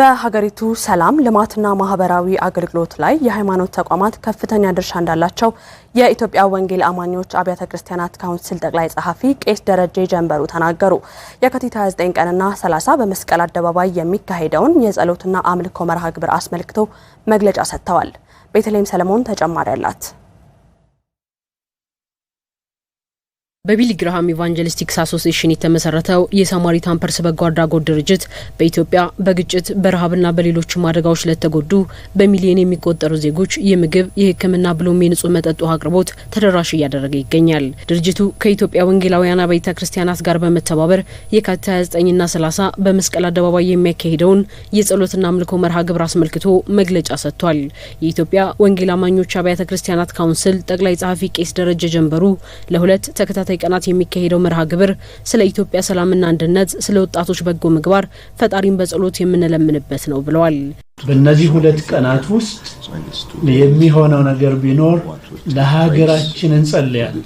በሀገሪቱ ሰላም ልማትና ማህበራዊ አገልግሎት ላይ የሃይማኖት ተቋማት ከፍተኛ ድርሻ እንዳላቸው የኢትዮጵያ ወንጌል አማኞች አብያተ ክርስቲያናት ካውንስል ጠቅላይ ጸሐፊ ቄስ ደረጀ ጀንበሩ ተናገሩ። የካቲት 29 ቀንና 30 በመስቀል አደባባይ የሚካሄደውን የጸሎትና አምልኮ መርሃ ግብር አስመልክቶ መግለጫ ሰጥተዋል። ቤተልሔም ሰለሞን ተጨማሪ አላት። በቢል ግርሃም ኢቫንጀሊስቲክስ አሶሲሽን የተመሰረተው የሳማሪታን ፐርስ በጎ አድራጎት ድርጅት በኢትዮጵያ በግጭት በረሃብና በሌሎችም አደጋዎች ለተጎዱ በሚሊዮን የሚቆጠሩ ዜጎች የምግብ የሕክምና ብሎም የንጹህ መጠጥ ውሃ አቅርቦት ተደራሽ እያደረገ ይገኛል። ድርጅቱ ከኢትዮጵያ ወንጌላውያን አብያተ ክርስቲያናት ጋር በመተባበር የካቲት 29ና 30 በመስቀል አደባባይ የሚያካሂደውን የጸሎትና አምልኮ መርሃ ግብር አስመልክቶ መግለጫ ሰጥቷል። የኢትዮጵያ ወንጌል አማኞች አብያተ ክርስቲያናት ካውንስል ጠቅላይ ጸሐፊ ቄስ ደረጀ ጀንበሩ ለሁለት ተከታታይ ቀናት የሚካሄደው መርሃ ግብር ስለ ኢትዮጵያ ሰላምና አንድነት፣ ስለ ወጣቶች በጎ ምግባር ፈጣሪን በጸሎት የምንለምንበት ነው ብለዋል። በእነዚህ ሁለት ቀናት ውስጥ የሚሆነው ነገር ቢኖር ለሀገራችን እንጸልያል፣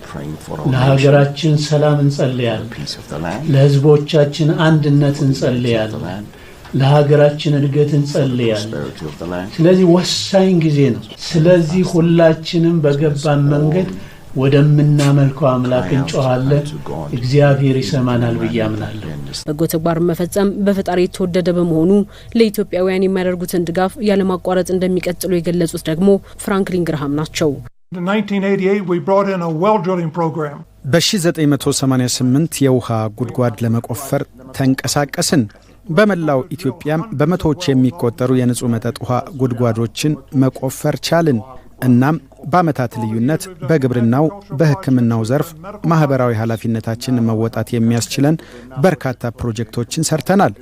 ለሀገራችን ሰላም እንጸልያል፣ ለህዝቦቻችን አንድነት እንጸልያል፣ ለሀገራችን እድገት እንጸልያል። ስለዚህ ወሳኝ ጊዜ ነው። ስለዚህ ሁላችንም በገባን መንገድ ወደምናመልከው አምላክ እንጮኋለን፣ እግዚአብሔር ይሰማናል ብዬ አምናለሁ። በጎ ተግባርን መፈጸም በፈጣሪ የተወደደ በመሆኑ ለኢትዮጵያውያን የሚያደርጉትን ድጋፍ ያለማቋረጥ እንደሚቀጥሉ የገለጹት ደግሞ ፍራንክሊን ግርሃም ናቸው። በ1988 የውሃ ጉድጓድ ለመቆፈር ተንቀሳቀስን። በመላው ኢትዮጵያም በመቶዎች የሚቆጠሩ የንጹሕ መጠጥ ውሃ ጉድጓዶችን መቆፈር ቻልን። እናም በዓመታት ልዩነት በግብርናው፣ በሕክምናው ዘርፍ ማኅበራዊ ኃላፊነታችንን መወጣት የሚያስችለን በርካታ ፕሮጀክቶችን ሰርተናል።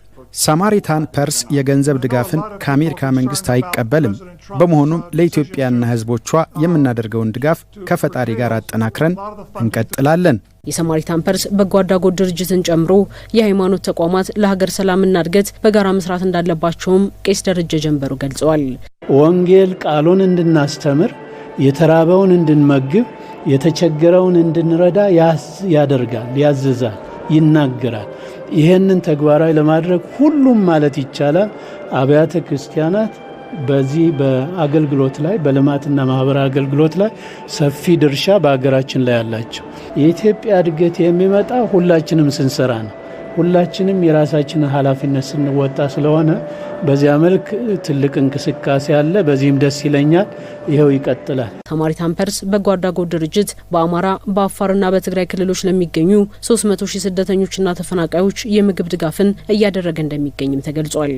ሳማሪታን ፐርስ የገንዘብ ድጋፍን ከአሜሪካ መንግሥት አይቀበልም። በመሆኑም ለኢትዮጵያና ሕዝቦቿ የምናደርገውን ድጋፍ ከፈጣሪ ጋር አጠናክረን እንቀጥላለን። የሰማሪታን ፐርስ በጎ አድራጎት ድርጅትን ጨምሮ የሃይማኖት ተቋማት ለሀገር ሰላምና እድገት በጋራ መስራት እንዳለባቸውም ቄስ ደረጀ ጀንበሩ ገልጸዋል። ወንጌል ቃሉን እንድናስተምር፣ የተራበውን እንድንመግብ፣ የተቸገረውን እንድንረዳ ያደርጋል፣ ያዝዛል፣ ይናገራል። ይህንን ተግባራዊ ለማድረግ ሁሉም ማለት ይቻላል አብያተ ክርስቲያናት በዚህ በአገልግሎት ላይ በልማትና ማህበራዊ አገልግሎት ላይ ሰፊ ድርሻ በሀገራችን ላይ አላቸው። የኢትዮጵያ እድገት የሚመጣ ሁላችንም ስንሰራ ነው። ሁላችንም የራሳችንን ኃላፊነት ስንወጣ ስለሆነ በዚያ መልክ ትልቅ እንቅስቃሴ አለ። በዚህም ደስ ይለኛል። ይኸው ይቀጥላል። ተማሪ ታምፐርስ በጎ አድራጎት ድርጅት በአማራ በአፋርና በትግራይ ክልሎች ለሚገኙ 300 ሺህ ስደተኞችና ተፈናቃዮች የምግብ ድጋፍን እያደረገ እንደሚገኝም ተገልጿል።